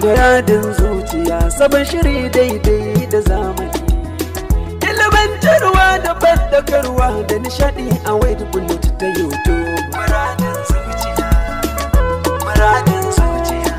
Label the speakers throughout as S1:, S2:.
S1: Muradin zuciya sabon shiri daidai da zamani. Ilimantarwa da bandakarwa da nishadi a wade bullet ta YouTube. Muradin zuciya, muradin zuciya.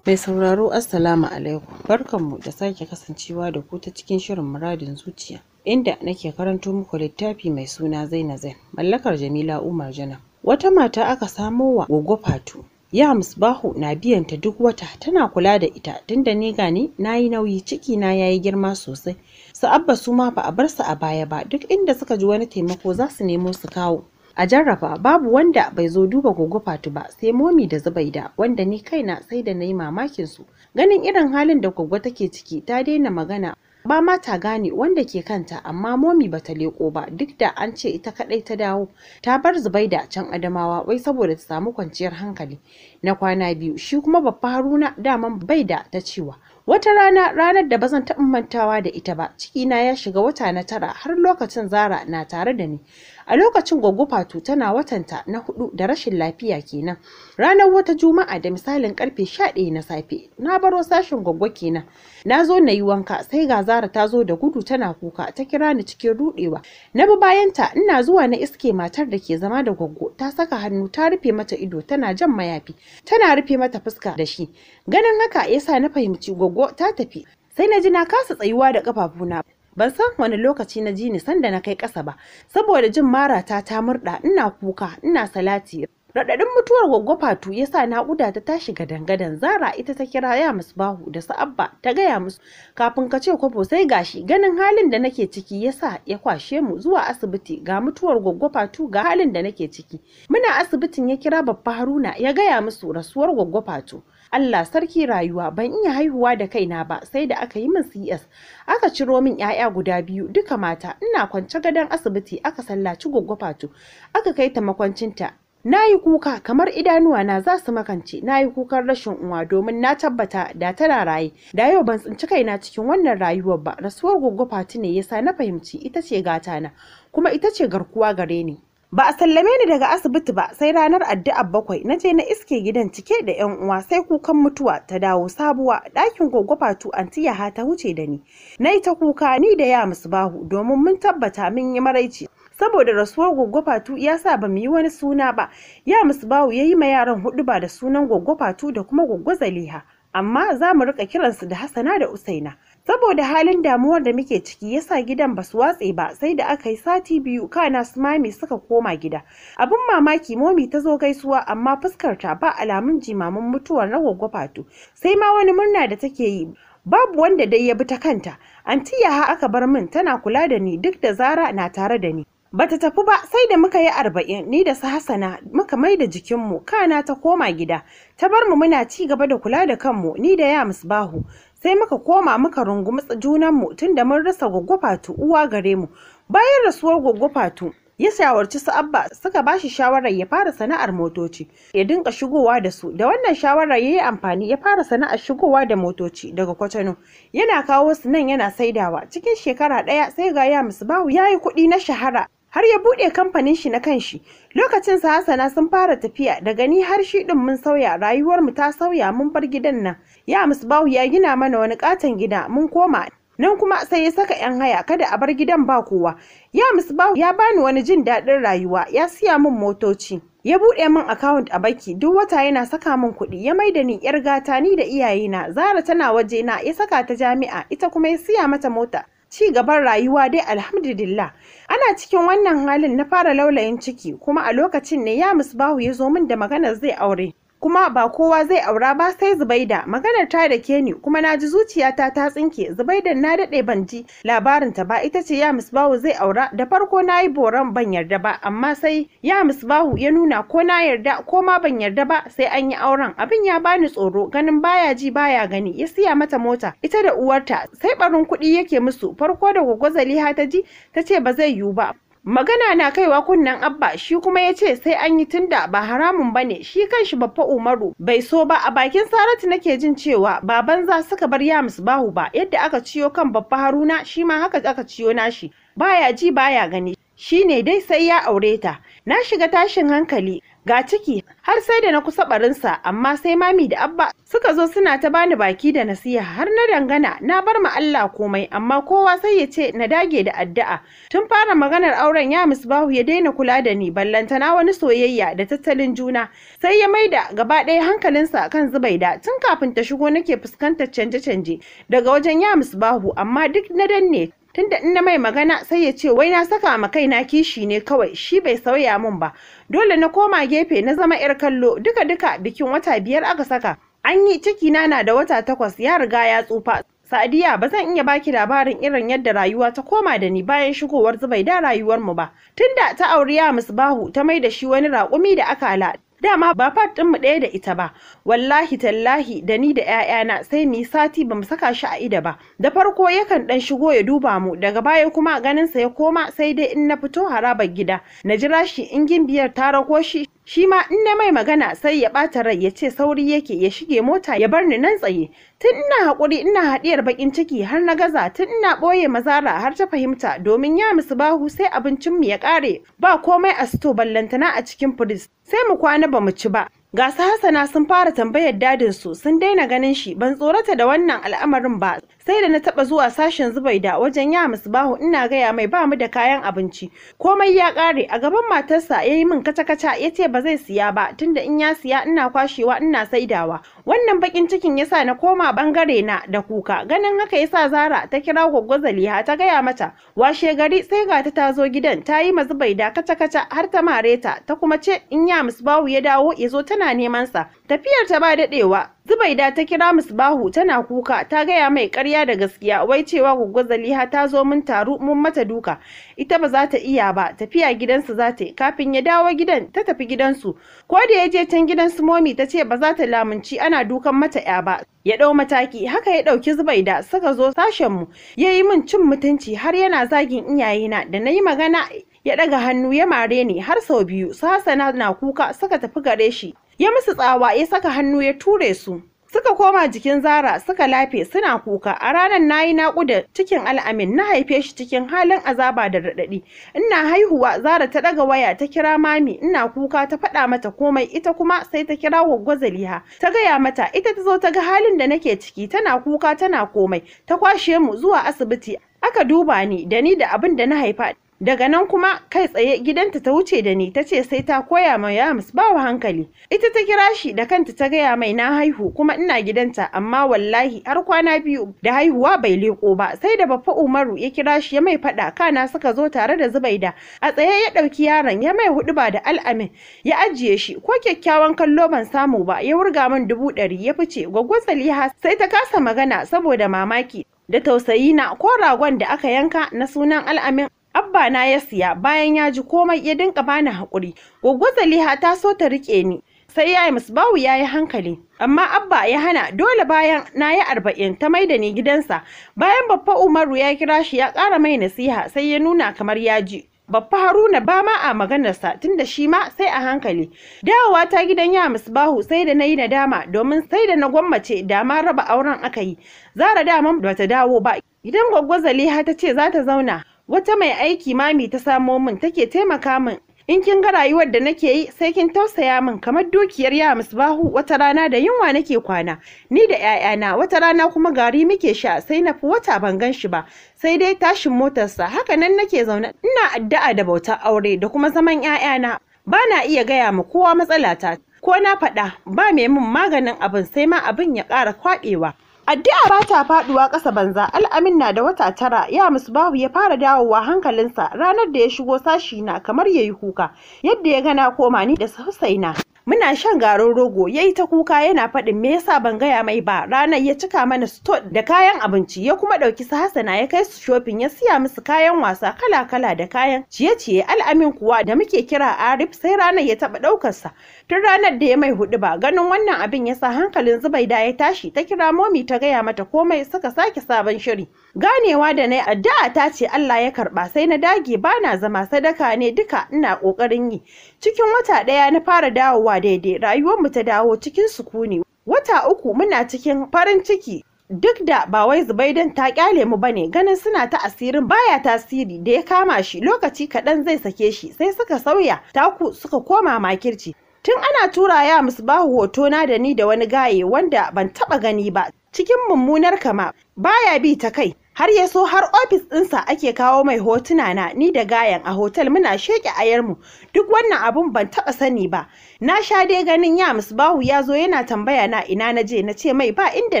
S1: Mai sauraro Assalamu alaikum. Barkanmu da sake kasancewa da ku ta cikin shirin muradin zuciya. Inda nake karanto muku littafi mai suna Zainazain, mallakar Jamila Umar Janar. Wata mata aka samo wa Goggo Fatu. Ya Musbahu na biyan ta duk wata tana kula da ita tunda ni gani nayi nauyi ciki na yayi girma sosai. Su abba su ma ba a bar su a baya ba duk inda suka ji wani taimako za su nemo su kawo. A jarraba babu wanda bai zo duba Goggo Fatu ba sai momi da zubaida wanda ni kaina sai da na yi mamakin su. Ganin irin halin da Goggo take ciki ta daina magana Mama ta gane wanda ke kanta amma momi ba ta leko ba duk da an ce ita kadai ta dawo. Ta bar Zubaida a can Adamawa wai saboda ta samu kwanciyar hankali na kwana biyu shi kuma babba Haruna daman bai da ta cewa. Wata rana ranar da bazan taɓa mantawa da ita ba cikina ya shiga wata na tara har lokacin Zara na tare da ni. a lokacin gwaggo fatu tana watanta na hudu da rashin lafiya kenan ranar wata juma'a da misalin karfe 11 na safe na baro sashin gwaggo kenan na zo na yi wanka sai ga zara ta zo da gudu tana kuka ta kira ni cikin rudewa na bi bayanta ina zuwa na iske matar da ke zama da gwaggo ta saka hannu ta rufe mata ido tana jan mayafi tana rufe mata fuska da shi ganin haka yasa na fahimci gwaggo ta tafi sai na ji na kasa tsayuwa da kafafuna ban san wani lokaci na ji ni sanda na kai ƙasa ba saboda jin marata ta murɗa ina kuka ina salati raɗaɗin mutuwar Goggo fatu ya sa naƙuda ta tashi gadan-gadan zara ita ta kira ya musu bahu da Abba ta gaya musu kafin ka ce kwabo sai gashi ganin halin da nake ciki ya sa ya kwashe mu zuwa asibiti ga mutuwar Goggo fatu ga halin da nake ciki muna asibitin ya kira babba haruna ya gaya musu rasuwar Goggo fatu Allah sarki rayuwa ban iya haihuwa da kaina ba sai da aka yi min CS aka ciro min 'ya'ya guda biyu duka mata ina kwance gadon asibiti aka sallaci Fatu. aka kai ta makwancinta Na yi kuka kamar idanuwa na za su makance, na yi kukan rashin uwa domin na tabbata da tana raye. Da yau ban tsinci kaina cikin wannan rayuwar ba, rasuwar gwaggwafa ne yasa na fahimci ita ce gata na, kuma ita ce garkuwa gare ni. Ba a sallame ni daga asibiti ba sai ranar addu'ar bakwai na je na iske gidan cike da 'yan uwa sai kukan mutuwa ta dawo sabuwa ɗakin gogo fatu ha ta wuce da ni. Na yi ta kuka ni da ya musu bahu domin mun tabbata mun yi maraici. saboda rasuwar fatu ya sa ba mu yi wani suna ba ya musu bahu ya yi ma yaran hudu ba da sunan fatu da kuma goggo zaliha amma za mu rika kiransu da hasana da usaina saboda halin damuwar da muke ciki yasa gidan ba su watse ba sai da aka yi sati biyu kana su mami suka koma gida abin mamaki momi ta zo gaisuwa amma fuskar ta ba alamun jimamin mutuwar na fatu. sai ma wani murna da take yi babu wanda dai ya bi ta kanta anti yaha aka bar min tana kula da ni duk da zara na tare da ni bata tafi ba sai da muka yi arba'in ni da su hasana muka mai da jikinmu kana ta koma gida ta bar mu muna ci gaba da kula da kanmu ni da ya musbahu sai muka koma muka rungumi junanmu tun da mun rasa gwaggwafatu uwa gare mu bayan rasuwar gwaggwafatu ya shawarci su abba suka ba shi shawarar ya fara sana'ar motoci ya dinka shigowa da su da wannan shawarar ya yi amfani ya fara sana'ar shigowa da motoci daga kwatano yana kawo su nan yana saidawa cikin shekara ɗaya sai ga ya musu bawu ya yi kuɗi na shahara har ya buɗe kamfanin shi na kanshi lokacin sa Hassana sun fara tafiya daga ni har shi ɗin mun sauya rayuwar mu ta sauya mun bar gidan nan ya Musbahu ya gina mana wani katon gida mun koma nan kuma sai ya saka yan haya kada a bar gidan ba kowa ya Musbahu ya bani wani jin daɗin rayuwa ya siya mun motoci ya buɗe mun account a baki duk wata yana saka mun kuɗi ya mai da ni yar gata ni da iyayena Zara tana waje na ya saka ta jami'a ita kuma ya siya mata mota ci gaban rayuwa dai alhamdulillah ana cikin wannan halin na fara laulayin ciki kuma a lokacin ne ya musbahu ya zo min da maganar zai aure kuma ba kowa zai aura ba sai Zubaida maganar ta da ke ni kuma na ji zuciyata ta tsinke Zubaidan na daɗe ban ji labarin ta ba ita ce ya Misbahu zai aura da farko nayi yi boran ban yarda ba amma sai ya Misbahu ya nuna ko na yarda ko ma ban yarda ba sai an yi auren abin ya bani tsoro ganin baya ji baya gani ya siya mata mota ita da uwarta sai barin kuɗi yake musu farko da gwagwazali ta ji ta ce ba zai yiwu ba magana na kaiwa kunnen abba shi kuma ya ce sai an yi tunda ba haramun ba ne shi kanshi babba umaru bai so ba a bakin saratu nake jin cewa baban za suka bar yamus bahu ba yadda aka ciyo kan babba haruna shi ma haka aka ciyo nashi baya ji baya gani shi ne dai sai ya aure ta na shiga tashin hankali ga ciki har sai da na kusa barinsa amma sai mami da abba suka zo suna ta bani baki da nasiha har na dangana na bar ma Allah komai amma kowa sai ya ce na dage da addu'a tun fara maganar auren ya misbahu ya daina kula da ni ballantana wani soyayya da tattalin juna sai ya maida gaba ɗaya hankalinsa kan zubaida tun kafin ta shigo nake fuskantar canje-canje daga wajen ya misbahu amma duk na danne tunda in na mai magana sai ya ce wai na saka ma kaina kishi ne kawai shi bai sauya mun ba dole na koma gefe na zama yar kallo duka duka bikin wata biyar aka saka an yi ciki na na da wata takwas ya riga ya tsufa Sadiya ba zan iya baki labarin irin yadda rayuwa ta koma da ni bayan shigowar Zubaida rayuwar mu ba tunda ta auriya Musbahu ta mai da shi wani raƙumi da aka ala dama ba fat ɗinmu ɗaya da ita ba wallahi tallahi da ni da 'ya'yana sai mu sati ba mu saka shi a ida ba da farko yakan ɗan shigo ya duba mu daga baya kuma ganin sa ya koma sai dai in na fito harabar gida na jira shi in gimbiyar ta rako shi shi ma in na mai magana sai ya ɓata rai ya ce sauri yake ya shige mota ya bar ni nan tsaye tun ina haƙuri ina haɗiyar baƙin ciki har na gaza tun ina ɓoye mazara har ta fahimta domin ya musu bahu sai abincinmu ya ƙare ba komai a sito ballantana a cikin firis sai mu kwana ba mu ci ba Gasa Hassana sun fara tambayar dadin su sun daina ganin shi ban tsorata da wannan al'amarin ba sai da na taba zuwa sashen Zubaida wajen ya bahu ina gaya mai ba mu da kayan abinci komai ya kare a gaban matarsa ya yi min kaca-kaca ce ba zai siya ba tunda in ya siya ina kwashewa ina saidawa wannan bakin cikin yasa na koma bangare na da kuka ganin haka yasa zara ta kira goggo zaliha ta gaya mata washe gari sai ga ta zo gidan ta yi mazubai da kaca kaca har ta mare ta ta kuma ce in ya bawu ya dawo ya zo tana neman sa Tafiyar ta ba daɗewa, Zubaida ta kira Misbahu tana kuka ta gaya mai karya da gaskiya wai cewa gugu Zaliha ta zo mun taru mun mata duka. Ita ba za ta iya ba, tafiya gidansu za ta yi. Kafin ya dawo gidan, ta tafi gidansu. Ko da ya je can gidan su Momi ta ce ba za ta lamunci ana dukan mata ya ba. Ya ɗau mataki, haka ya ɗauki Zubaida suka zo sashen mu. Ya yi min cin mutunci har yana zagin iyayena da na yi magana ya ɗaga hannu ya mare ni har sau biyu su Hassana na kuka suka tafi gare shi ya musu tsawa ya saka hannu ya ture su suka koma jikin zara suka lafe suna kuka a ranar nayi naƙuda cikin al'amin na haife shi cikin halin azaba da raɗaɗi ina haihuwa zara ta ɗaga waya ta kira mami ina kuka ta faɗa mata komai ita kuma sai ta kira gwaggwa zaliha ta gaya mata ita ta zo ta ga halin da nake ciki tana kuka tana komai ta kwashe mu zuwa asibiti aka duba ni da ni da abin da na haifa daga nan kuma kai tsaye gidanta ta wuce da ni tace sai ta koya ma Yamus bawa hankali ita ta kira shi da kanta ta gaya mai na haihu kuma ina gidanta amma wallahi har kwana biyu da haihuwa bai leko ba sai da baffa Umaru ya kira shi ya mai fada kana suka zo tare da Zubaida a tsaye ya dauki yaron ya mai hudu ba da al'amin ya ajiye shi ko kyakkyawan kallo ban samu ba ya wurga min dubu ɗari ya fice gwaggwan Saliha sai ta kasa magana saboda mamaki da tausayi na ko ragon da aka yanka na sunan al'amin abba na ya siya bayan ya ji komai ya dinka bani haƙuri goggo zaliha ta so ta riƙe ni sai ya musbawu ya yi hankali amma abba ya hana dole bayan na yi arba'in ta maida ni gidansa bayan babba umaru ya kira shi ya ƙara mai nasiha sai ya nuna kamar ya ji babba haruna ba ma a maganarsa tunda shi ma sai a hankali dawowa ta gidan ya musbahu sai da na yi nadama domin sai da na gwammace da ma raba auren aka yi zara daman bata dawo ba Gidan gwaggwa zaliha ta ce za ta zauna wata mai aiki mami ta samo min take taimaka min in kin ga rayuwar da nake yi sai kin tausaya min kamar dukiyar ya musbahu wata rana da yunwa nake kwana ni da ƴaƴana wata rana kuma gari muke sha sai na fi wata ban gan shi ba sai dai tashin motarsa haka nan nake zaune ina addu'a da bautar aure da kuma zaman ƴaƴana ba na iya gaya ma kowa matsalata ko na faɗa ba mai min maganin abin sai ma abin ya ƙara kwaɗewa. Addu'a ba ta faduwa ƙasa banza, al'amin na da wata tara, ya musu babu ya fara dawowa hankalinsa ranar da ya shigo sashi na kamar ya yi kuka, yadda ya gana koma ni da Husaina. Muna shan garin rogo, ya yi ta kuka yana faɗin me yasa ban gaya mai ba, ranar ya cika mana stot da kayan abinci, ya kuma ɗauki su Hassana ya kai su shopping ya siya musu kayan wasa kala-kala da kayan ciye-ciye al'amin kuwa da muke kira Arif sai ranar ya taɓa ɗaukarsa. Tun ranar da ya mai huɗu ba, ganin wannan abin ya sa hankalin Zubaida ya tashi ta kira momi ta gaya mata komai suka sake sabon shiri ganewa da na addu'a ta ce Allah ya karba sai na dage bana zama sadaka ne duka ina kokarin yi cikin wata ɗaya na fara dawowa daidai rayuwar mu ta dawo cikin sukuni wata uku muna cikin farin ciki duk da ba wai zubaidan ta kyale mu bane ganin suna ta asirin baya tasiri da ya kama shi lokaci kaɗan zai sake shi sai suka sauya taku suka koma makirci tun ana tura ya musbahu hoto na da ni da wani gaye wanda ban taɓa gani ba cikin mummunar kama baya bi ta kai har ya so har ofis ɗinsa ake kawo mai hotuna na ni da gayan a hotel muna sheke ayarmu duk wannan abun ban taɓa sani ba na sha dai ganin ya bahu ya zo yana tambaya na ina na je na ce mai ba inda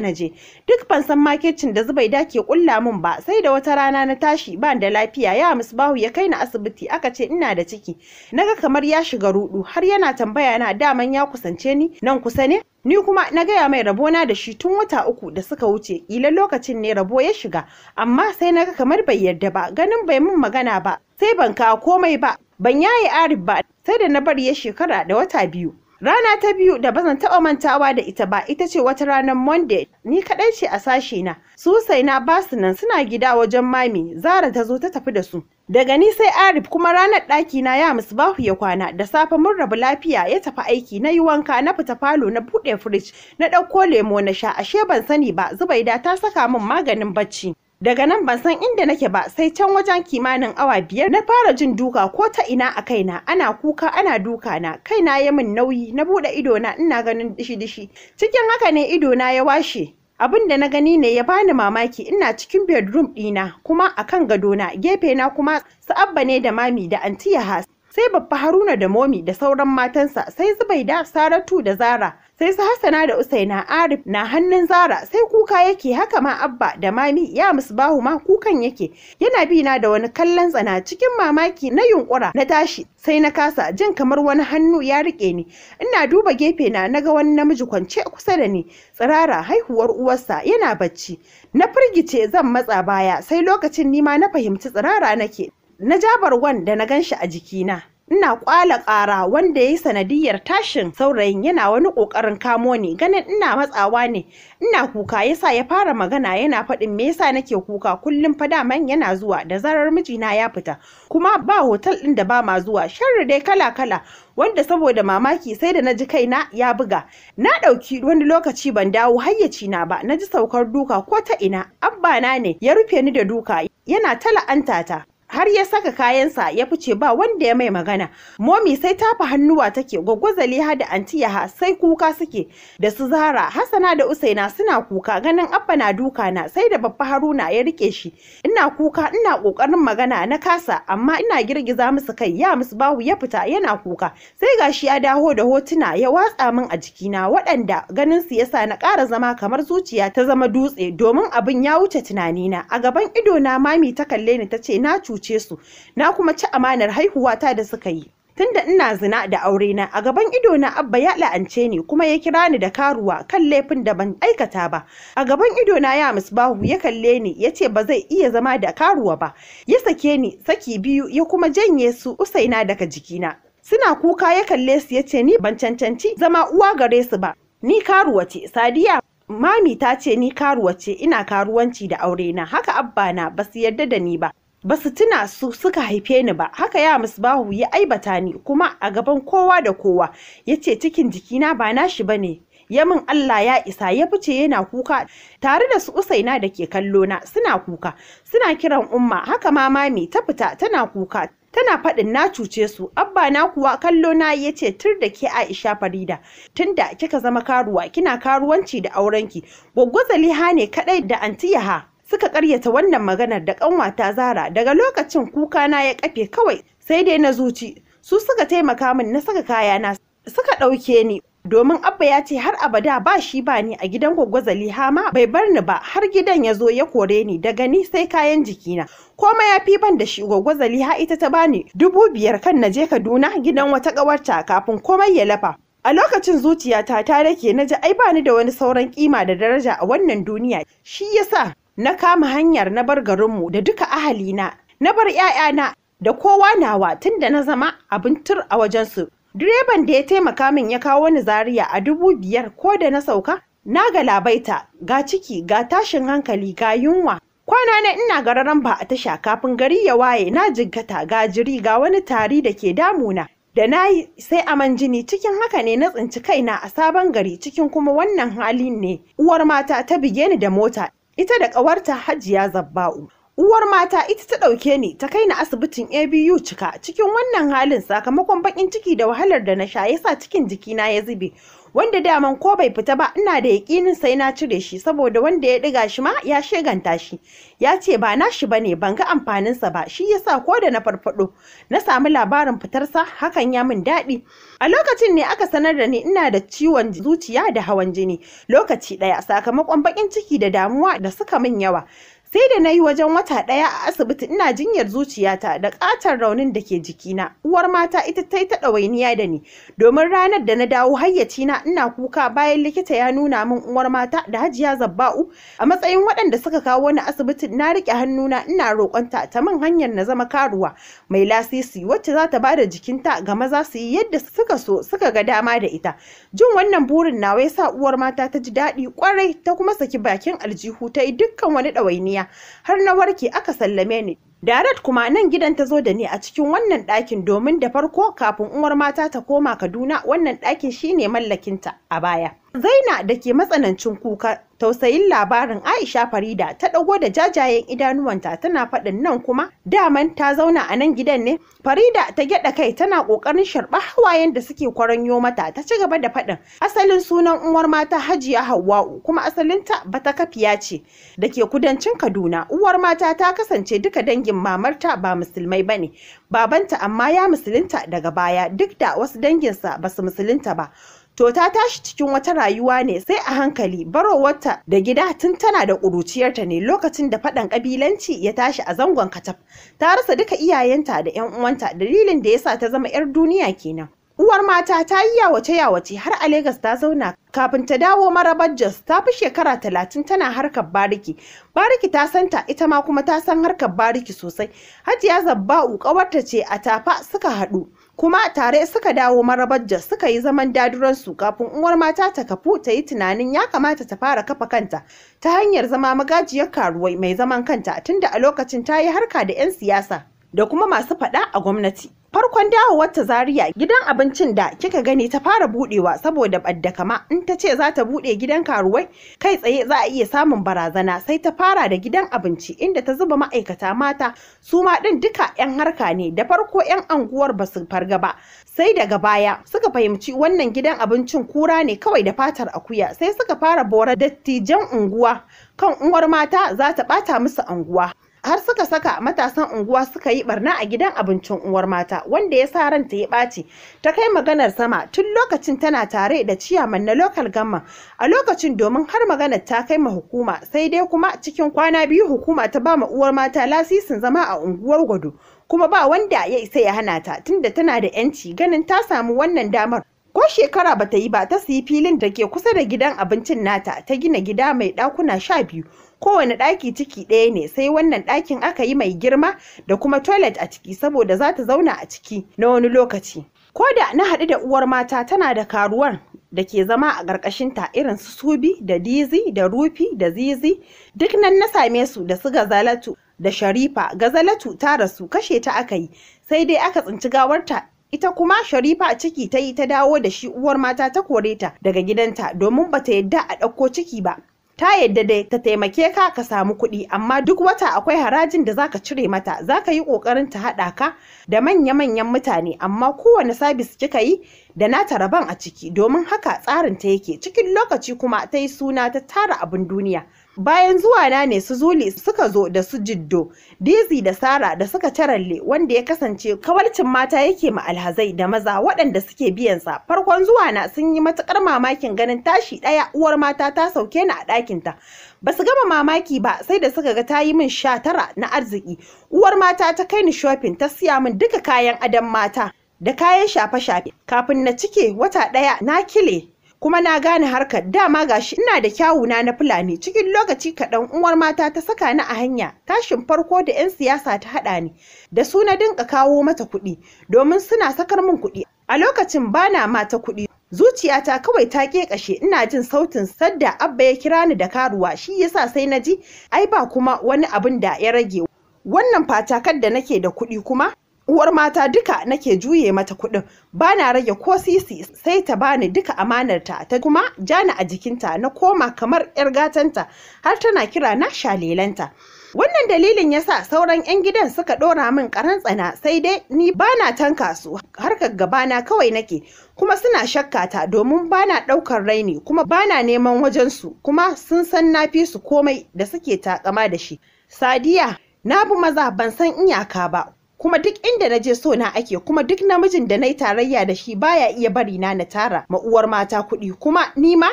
S1: na je duk ban san makecin da zubai da ke ƙulla min ba sai da wata rana na tashi ban da lafiya ya bahu ya kai na asibiti aka ce ina da ciki naga kamar ya shiga ruɗu, har yana tambaya na daman ya kusance ni nan kusa ne ni kuma na gaya mai rabona da shi tun wata uku da suka wuce Ila lokacin ne rabo ya shiga amma sai na ga kamar bai yarda ba ganin bai min magana ba sai ban kawo komai ba ban yaye arif ba sai da na bari ya shekara da wata biyu Rana ta biyu da bazan taɓa mantawa da ita ba ita ce wata ranar Monday ni kaɗai ce a sashe na. Su sai na basu nan suna gida wajen mami Zara ta zo ta tafi da su. Daga ni sai Arif kuma ranar ɗaki na ya Musbahu ya kwana da safe mun rabu lafiya ya tafi aiki na yi wanka na fita falo na buɗe firij na ɗauko lemo na sha ashe ban sani ba Zubaida ta saka min maganin bacci. Daga nan ban san inda nake ba sai can wajen kimanin awa biyar na fara jin duka ko ta ina a kaina ana kuka ana duka na kaina ya min nauyi na buɗe ido na ina ganin dishi dishi cikin haka ne ido na ya washe abin da na gani ne ya bani mamaki ina cikin bedroom ɗina kuma a kan gadona gefe na kuma su ne da mami da antiya hasa sai babba haruna da momi da sauran matansa sai zubaida saratu da zara sai su hassana da usaina arif na hannun zara sai kuka yake haka ma abba da mami ya musbahu ma kukan yake yana bi na da wani kallon tsana cikin mamaki na yunkura na tashi sai na kasa jin kamar wani hannu ya rike ni ina duba gefe na naga wani namiji kwance kusa da ni tsirara haihuwar uwarsa yana bacci na firgice zan matsa baya sai lokacin nima na fahimci tsirara nake na jabar da na shi a jikina ina kwala ƙara wanda ya yi sanadiyar tashin saurayin yana wani ƙoƙarin kamo ni ganin ina matsawa ne ina kuka yasa ya fara magana yana faɗin me yasa nake kuka kullum fa man yana zuwa da zarar mijina ya fita kuma ba hotel ɗin da ba ma zuwa sharri dai kala kala wanda saboda mamaki sai da na ji kaina ya buga na ɗauki wani lokaci ban dawo hayyaci na ba na ji saukar duka ko ta ina abba na ne ya rufe ni da duka yana ta la'anta ta har ya saka kayansa ya fice ba wanda ya mai magana momi sai tafa hannuwa take gwaggwazali ha da yaha, sai kuka suke da su zara hasana da usaina suna kuka ganin abba na duka na sai da babba haruna ya rike shi ina kuka ina kokarin magana na kasa amma ina girgiza musu kai ya musu bahu ya fita yana kuka sai gashi ya daho da hotuna ya watsa min a jikina waɗanda ganin su yasa na ƙara zama kamar zuciya ta zama dutse domin abin ya wuce tunanina a gaban ido na mami ta kalle ni ta ce na cuci cuce su na kuma ci amanar haihuwata da suka yi tunda ina zina da aure na a gaban ido na abba ya la'ance ni kuma ya kira ni da karuwa kan laifin da ban aikata ba a gaban ido na ya misbahu ya kalle ni ya ce ba zai iya zama da karuwa ba ya sake ni saki biyu ya kuma janye su usaina daga jikina suna kuka ya kalle su ya ce ni ban cancanci zama uwa gare su ba ni karuwa ce sadiya mami ta ce ni karuwa ce ina karuwanci da aure na haka abba na ba su yarda da ni ba ba su tuna su suka haife ni ba haka ya musbahu ya aibata ni kuma a gaban kowa da kowa ya ce cikin jikina ba nashi ba ne ya min Allah ya isa ya fice yana kuka tare da su usaina da ke kallo na suna kuka suna kiran umma haka ma mami ta fita tana kuka tana faɗin na cuce su abba na kuwa kallo na ya ce tur da ke aisha farida tunda kika zama karuwa kina karuwanci da aurenki Goggo zaliha ne kaɗai da antiyaha suka karyata wannan maganar da ƙanwata Zara daga lokacin kuka na ya kafe kawai sai dai na zuci su suka taimaka min na saka kayana suka ɗauke ni domin abba ya ce har abada ba shi ba ni a gidan gwaggwazali hama bai bar ni ba har gidan ya zo ya kore ni daga ni sai kayan jikina koma ya fi ban da shi gwaggwazali ha ita ta bani dubu biyar kan na je kaduna gidan wata ƙawarta kafin komai ya lafa a lokacin zuciyata ta rake na ji ai bani da wani sauran kima da daraja a wannan duniya shi yasa na kama hanyar na bar garinmu da duka ahalina na bar 'ya'yana da kowa nawa tun da na zama abin tur a wajensu direban da ya taimaka min ya kawo ni Zariya a dubu biyar ko da na sauka na ga labaita, ga ciki ga tashin hankali ga yunwa kwana na ina gararan ba a tasha kafin gari ya waye na jiggata ga jiri ga wani tari da ke damuna da na yi sai aman jini cikin haka ne na tsinci kaina a sabon gari cikin kuma wannan halin ne uwar mata ta bige ni da mota ita da kawarta hajiya zabba'u uwar mata ita ta ɗauke ni ta kai ni asibitin abu cika cikin wannan halin sakamakon baƙin ciki da wahalar da na sha yasa cikin jikina ya zube wanda daman ko bai fita ba ina da yakinin sai na cire shi saboda wanda ya ɗiga shi ma ya sheganta shi ya ce ba na shi bane ban ga amfaninsa ba shi yasa ko da na farfado na samu labarin fitar sa, hakan ya min daɗi a lokacin ne aka sanar da ni ina da ciwon zuciya da hawan jini lokaci ɗaya sakamakon baƙin ciki da damuwa da suka min yawa sai da na yi wajen wata ɗaya a asibiti ina jinyar zuciyata da ƙatar raunin da ke jikina uwar mata ita ta yi ta ɗawainiya da ni domin ranar da na dawo hayyacina ina kuka bayan likita ya nuna min uwar mata da hajiya zabba'u a matsayin waɗanda suka kawo wani asibiti na riƙe hannuna ina roƙonta ta min hanyar na zama karuwa mai lasisi wacce za ta ba da jikinta ga maza su yi yadda suka so suka ga dama da ita jin wannan burin nawa ya sa uwar mata ta ji daɗi kwarai ta kuma saki bakin aljihu ta yi dukkan wani ɗawainiya har na warke aka sallame ni Darat kuma nan gidan ta zo da ni a cikin wannan ɗakin domin da farko kafin uwar mata ta koma Kaduna wannan ɗakin shine mallakinta a baya. Zaina da ke matsanancin kuka tausayin labarin Aisha Farida ta ɗago da jajayen idanuwanta tana faɗin nan kuma daman ta zauna a nan gidan ne. Farida ta gyaɗa kai tana ƙoƙarin sharɓa hawayen da suke kwaranyo mata ta ci gaba da faɗin asalin sunan uwar mata Hajiya Hawwa'u kuma asalinta bata kafiya ce da ke kudancin Kaduna. Uwar mata ta kasance duka dangin mamarta ba musulmai bane babanta amma ya musulunta daga baya duk da wasu danginsa basu musulunta ba. to ta tashi cikin wata rayuwa ne sai a hankali barowarta da gida tun tana da ƙuruciyarta ne lokacin da faɗan ƙabilanci ya tashi a zangon kataf ta rasa duka iyayenta da 'yan uwanta dalilin da yasa ta zama 'yar duniya kenan Uwar mata ta yi yawace yawace har a Legas ta zauna kafin ta dawo marabar Jos ta fi shekara talatin tana harkar bariki. Bariki ta santa ita ma kuma ta san harkar bariki sosai. Hajiya Zabba'u ƙawarta ce a tafa suka haɗu. kuma tare suka dawo marabar suka yi zaman daduransu kafin uwar mata ta kafu ta yi tunanin ya kamata ta fara kafa kanta ta hanyar zama magajiyar karuwai mai zaman kanta tunda a lokacin ta yi harka da 'yan siyasa da kuma masu faɗa a gwamnati farkon dawowar ta Zaria gidan abincin da kika gani ta fara budewa saboda baddakama in ta ce za ta bude gidan karuwai kai tsaye za a iya samun barazana sai ta fara da gidan abinci inda ta zuba ma'aikata mata su ma din duka yan harka ne da farko yan anguwar ba su farga ba sai daga baya suka fahimci wannan gidan abincin kura ne kawai da fatar akuya sai suka fara bora dattijan unguwa kan uwar mata za ta ɓata musu anguwa har suka saka matasan unguwa suka yi barna a gidan abincin uwar mata wanda ya sa ranta ya ɓaci ta kai maganar sama tun lokacin tana tare da ciyaman na lokal gamma a lokacin domin har maganar ta kai ma hukuma sai dai kuma cikin kwana biyu hukuma ta ba ma uwar mata lasisin zama a unguwar gwado kuma ba wanda ya isa ya hana ta tunda tana da yanci ganin ta samu wannan damar ko shekara bata yi ba ta siyi filin da ke kusa da gidan abincin nata ta gina gida mai ɗakuna sha biyu kowane ɗaki ciki ɗaya ne sai wannan ɗakin aka yi mai girma da kuma toilet a ciki saboda za ta zauna a ciki na wani lokaci ko da na haɗu da uwar mata tana da karuwar da ke zama a ƙarƙashinta irin su subi da dizi da rufi da zizi duk nan na same su da su gazalatu da sharifa gazalatu ta rasu kashe ta aka yi sai dai aka tsinci gawarta ita kuma sharifa a ciki ta yi ta dawo da shi uwar mata ta kore ta daga gidanta domin bata yadda a ɗauko ciki ba ta yadda dai ta taimake ka ka samu kuɗi amma duk wata akwai harajin da zaka cire mata zaka yi ƙoƙarin ta haɗa ka da manya-manyan mutane amma kowane sabis kika yi da nata rabon a ciki domin haka tsarin ta yake cikin lokaci kuma ta yi suna ta tara abin duniya bayan zuwa na ne su zuli suka zo da su jiddo dizi da sara da suka caralle wanda ya kasance kawarcin mata yake ma alhazai da maza waɗanda suke biyansa, farkon zuwa na sun yi matukar mamakin ganin tashi ɗaya uwar mata ta sauke ni a ɗakinta ba su gama mamaki ba sai da suka ga ta yi min sha tara na arziki uwar mata ta kai ni shopping ta siya min duka kayan adon mata da kayan shafe-shafe kafin na cike wata ɗaya na kile kuma na gane harkar dama gashi ina da kyawuna na fulani cikin lokaci kaɗan uwar mata ta saka ni a hanya tashin farko da 'yan siyasa ta haɗa ni da su na dinka kawo mata kuɗi domin suna sakar min kuɗi a lokacin bana mata kuɗi zuciyata kawai ta kashe ina jin sautin sadda abba ya kira ni da karuwa shi yasa sai na ji ai ba kuma wani abin da ya rage wannan fatakar da nake da kuɗi kuma uwar mata duka nake juye mata kuɗin bana rage ko sisi sai ta bani duka amanarta ta kuma jana a jikinta na koma kamar 'yar gatanta har tana kira na shalelanta wannan dalilin yasa sauran 'yan gidan suka ɗora min karan tsana sai dai ni bana tanka su harkar gabana kawai nake kuma suna shakka ta domin bana ɗaukar raini kuma bana neman wajen su kuma sun san na fi su komai da suke takama da shi sadiya na bi maza ban san iyaka ba kuma duk inda na je so na ake kuma duk namijin da na yi tarayya da shi baya iya bari na na tara ma uwar mata kuɗi kuma ni ma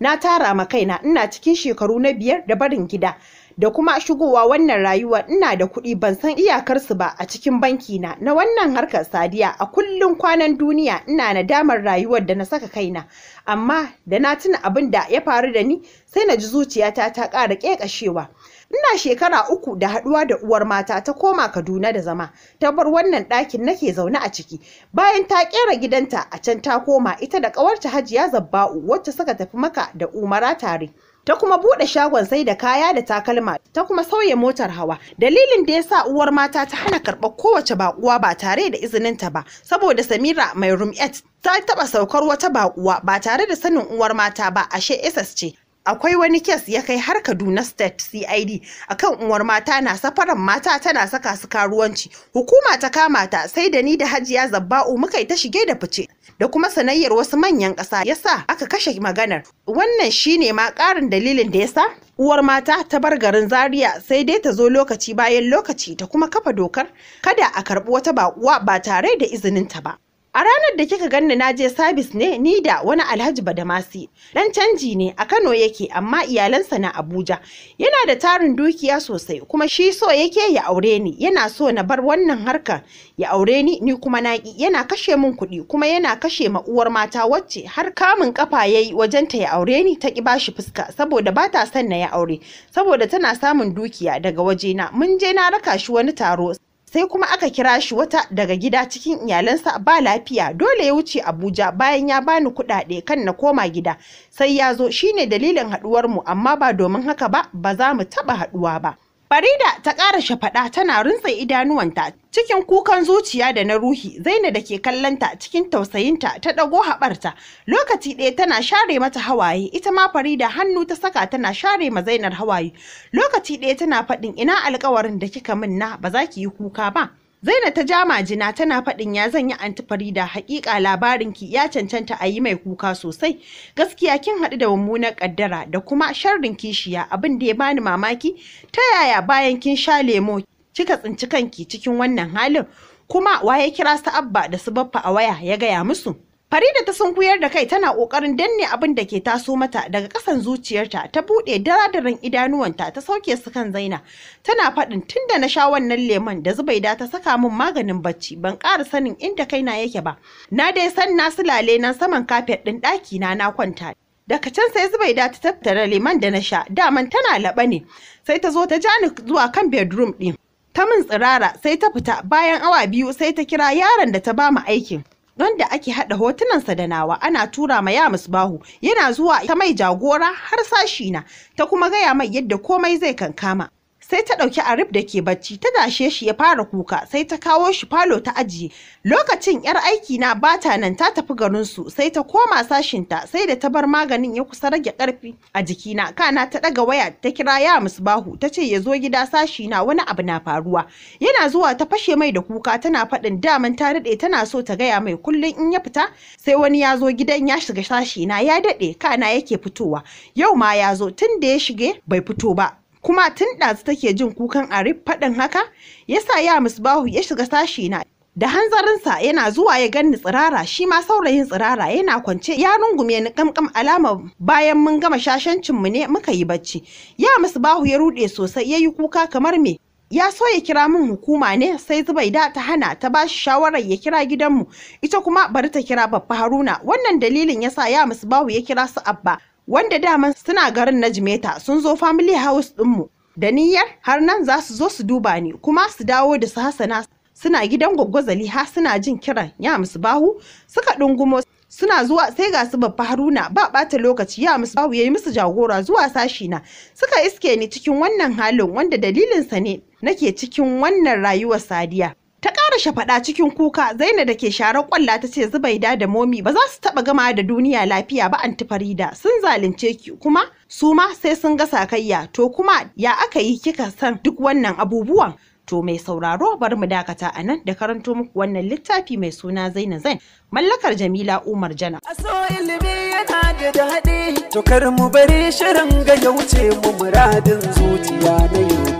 S1: na tara ma kaina ina cikin shekaru na biyar da barin gida da kuma shigowa wannan rayuwa ina da kuɗi ban san iyakarsu ba a cikin banki na na wannan harkar sadiya a kullum kwanan duniya ina nadamar rayuwar da na saka kaina amma da na tuna abin da ya faru da ni sai na ji zuciyata ta ƙara ƙeƙashewa ina shekara uku da haɗuwa da uwar mata ta koma kaduna da zama ta bar wannan ɗakin nake zaune a ciki bayan ta ƙera gidanta a can ta koma ita da ƙawarta hajiya zabba'u wacce suka tafi maka da umara tare ta kuma buɗe shagon sai da kaya da takalma ta kuma sauya motar hawa dalilin da ya sa uwar mata ta hana karɓar kowace baƙuwa ba tare da izininta ba saboda samira mai room 8 ta taɓa saukar wata baƙuwa ba tare da sanin uwar mata ba ashe ss ce akwai wani kes ya kai har kaduna state cid akan uwar mata na safaran mata tana saka su karuwanci hukuma ta kama ta sai da ni da hajiya zabba'u muka yi ta shige da fice da kuma sanayyar wasu manyan ƙasa yasa aka kashe maganar wannan shine ma ƙarin dalilin da yasa uwar mata ta bar garin Zaria sai dai ta zo lokaci bayan lokaci ta kuma kafa dokar kada a karɓi wata baƙuwa ba tare da izinin ta ba A ranar da kika ganni na je sabis ne ni da wani Alhaji Badamasi. Dan canji ne a Kano yake amma iyalansa na Abuja. Yana da tarin dukiya sosai kuma shi so yake ya aure ni. Yana so na bar wannan harkar ya aure ni ni kuma na naki. Yana kashe min kuɗi kuma yana kashe ma uwar mata wacce har kamun kafa yayi wajen ta ya aure ni ta ki bashi fuska saboda ba ta son na ya aure saboda tana samun dukiya daga waje na Mun je na raka shi wani taro sai kuma aka kira shi wata daga gida cikin iyalansa ba lafiya dole ya wuce abuja bayan ya bani kuɗaɗe kan na koma gida sai ya zo shine dalilin haɗuwar mu amma ba domin haka ba ba za mu taɓa haɗuwa ba Farida ta ƙara shafaɗa tana rintsa idanuwanta cikin kukan zuciya da na ruhi zaina da ke kallonta cikin tausayinta ta ɗago haɓarta lokaci ɗaya tana share mata hawaye ita ma Farida hannu ta saka tana share ma Zainar hawaye lokaci ɗaya tana faɗin ina alkawarin da kika min na ba za ki yi kuka ba Zainab ta ja majina tana faɗin ya zan yi anti Farida hakika ki ya cancanta a yi mai kuka sosai. Gaskiya kin haɗu da mummunar ƙaddara da kuma sharrin kishiya abin da ya bani mamaki ta yaya bayan kin sha lemo kika tsinci kanki cikin wannan halin kuma waye kira su abba da su baffa a waya ya gaya musu. Farida ta sunkuyar da kai tana ƙoƙarin danne abin da ke taso mata daga ƙasan zuciyarta ta buɗe daradaran idanuwanta ta sauke su kan Zaina. Tana faɗin tun da na sha wannan lemon da Zubaida ta saka min maganin bacci ban ƙara sanin inda na yake ba. Na dai san na lale nan saman kafet ɗin ɗaki na na kwanta. Daga can sai Zubaida ta tattara lemon da na sha daman tana laɓa ne sai ta zo ta ja ni zuwa kan bedroom ɗin. Ta min tsirara sai ta fita bayan awa biyu sai ta kira yaron da ta ba mu aikin. don da ake haɗa hotunansa da nawa ana tura ma ya musbahu yana zuwa ta mai jagora har sashi na ta kuma gaya mai yadda komai zai kankama sai ta ɗauki arif da ke bacci ta dashe shi ya fara kuka sai ta kawo shi falo ta ajiye lokacin yar aiki na bata nan ta tafi garinsu sai ta koma sashinta sai da ta bar maganin ya kusa rage ƙarfi a jikina kana ta ɗaga waya ta kira ya musbahu ta ce ya zo gida sashi na wani abu na faruwa yana zuwa ta fashe mai da kuka tana faɗin daman ta daɗe tana so ta gaya mai kullum in ya fita sai wani ya zo gidan ya shiga sashi na ya daɗe kana yake fitowa yau ma ya zo tun da ya shige bai fito ba kuma tun ɗazu take jin kukan arif faɗin haka yasa ya misbahu ya shiga sashi na da hanzarinsa yana zuwa ya ganni tsirara shi ma saurayin tsirara yana kwance ya rungume ni kamkam alama bayan mun gama shashancin mu ne muka yi bacci ya misbahu ya rude sosai ya yi kuka kamar me ya so ya kira min hukuma ne sai zubaida ta hana ta ba shi shawarar ya kira gidanmu ita kuma bari ta kira babba haruna wannan dalilin yasa ya misbahu ya kira su abba wanda dama suna garin na jimeta sun zo family house dinmu da niyyar har nan za su zo su duba ni kuma su dawo da su hasana suna gidan gwaggwazali ha suna jin kiran ya musu bahu suka ɗungumo suna zuwa sai ga su babba haruna ba bata lokaci ya musu bahu ya yi musu jagora zuwa sashi na suka iske ni cikin wannan halin wanda dalilinsa ne nake cikin wannan rayuwar sadiya ta ƙara shafaɗa cikin kuka zaina da ke sharar ƙwalla ta ce zubaida da momi ba za su taɓa gama da duniya lafiya ba anti farida sun zalunce ki kuma su ma sai sun ga sakayya to kuma ya aka yi kika san duk wannan abubuwan to mai sauraro bar mu dakata a nan da karanto muku wannan littafi mai suna zaina zain mallakar jamila umar jana aso ilimi yana da daɗi to kar mu bari shirin ga ya wuce mu muradin zuciya na yau